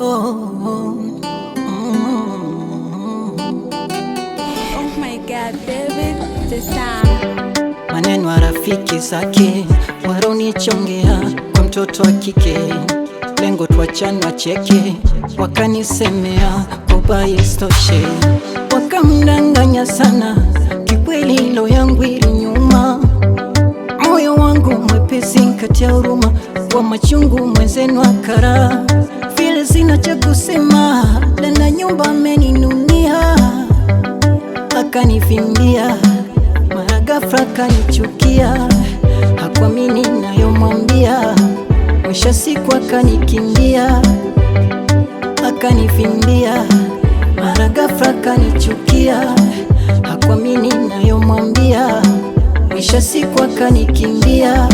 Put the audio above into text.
Oh Maneno ya rafiki zake waronichongea kwa mtoto wa kike, lengo twachana cheke, wakanisemea koba istoshe, wakamdanganya sana. Kikweli hilo yangu ili nyuma, moyo wangu mwepesi kati ya huruma, wa machungu mwenzenu akara Sina cha kusema, dada nyumba ameninunia, akanivimbia, mara ghafla akanichukia, hakuamini nayomwambia, mwisho siku akanikimbia, akanivimbia, mara ghafla akanichukia, hakuamini nayomwambia, mwisho siku akanikimbia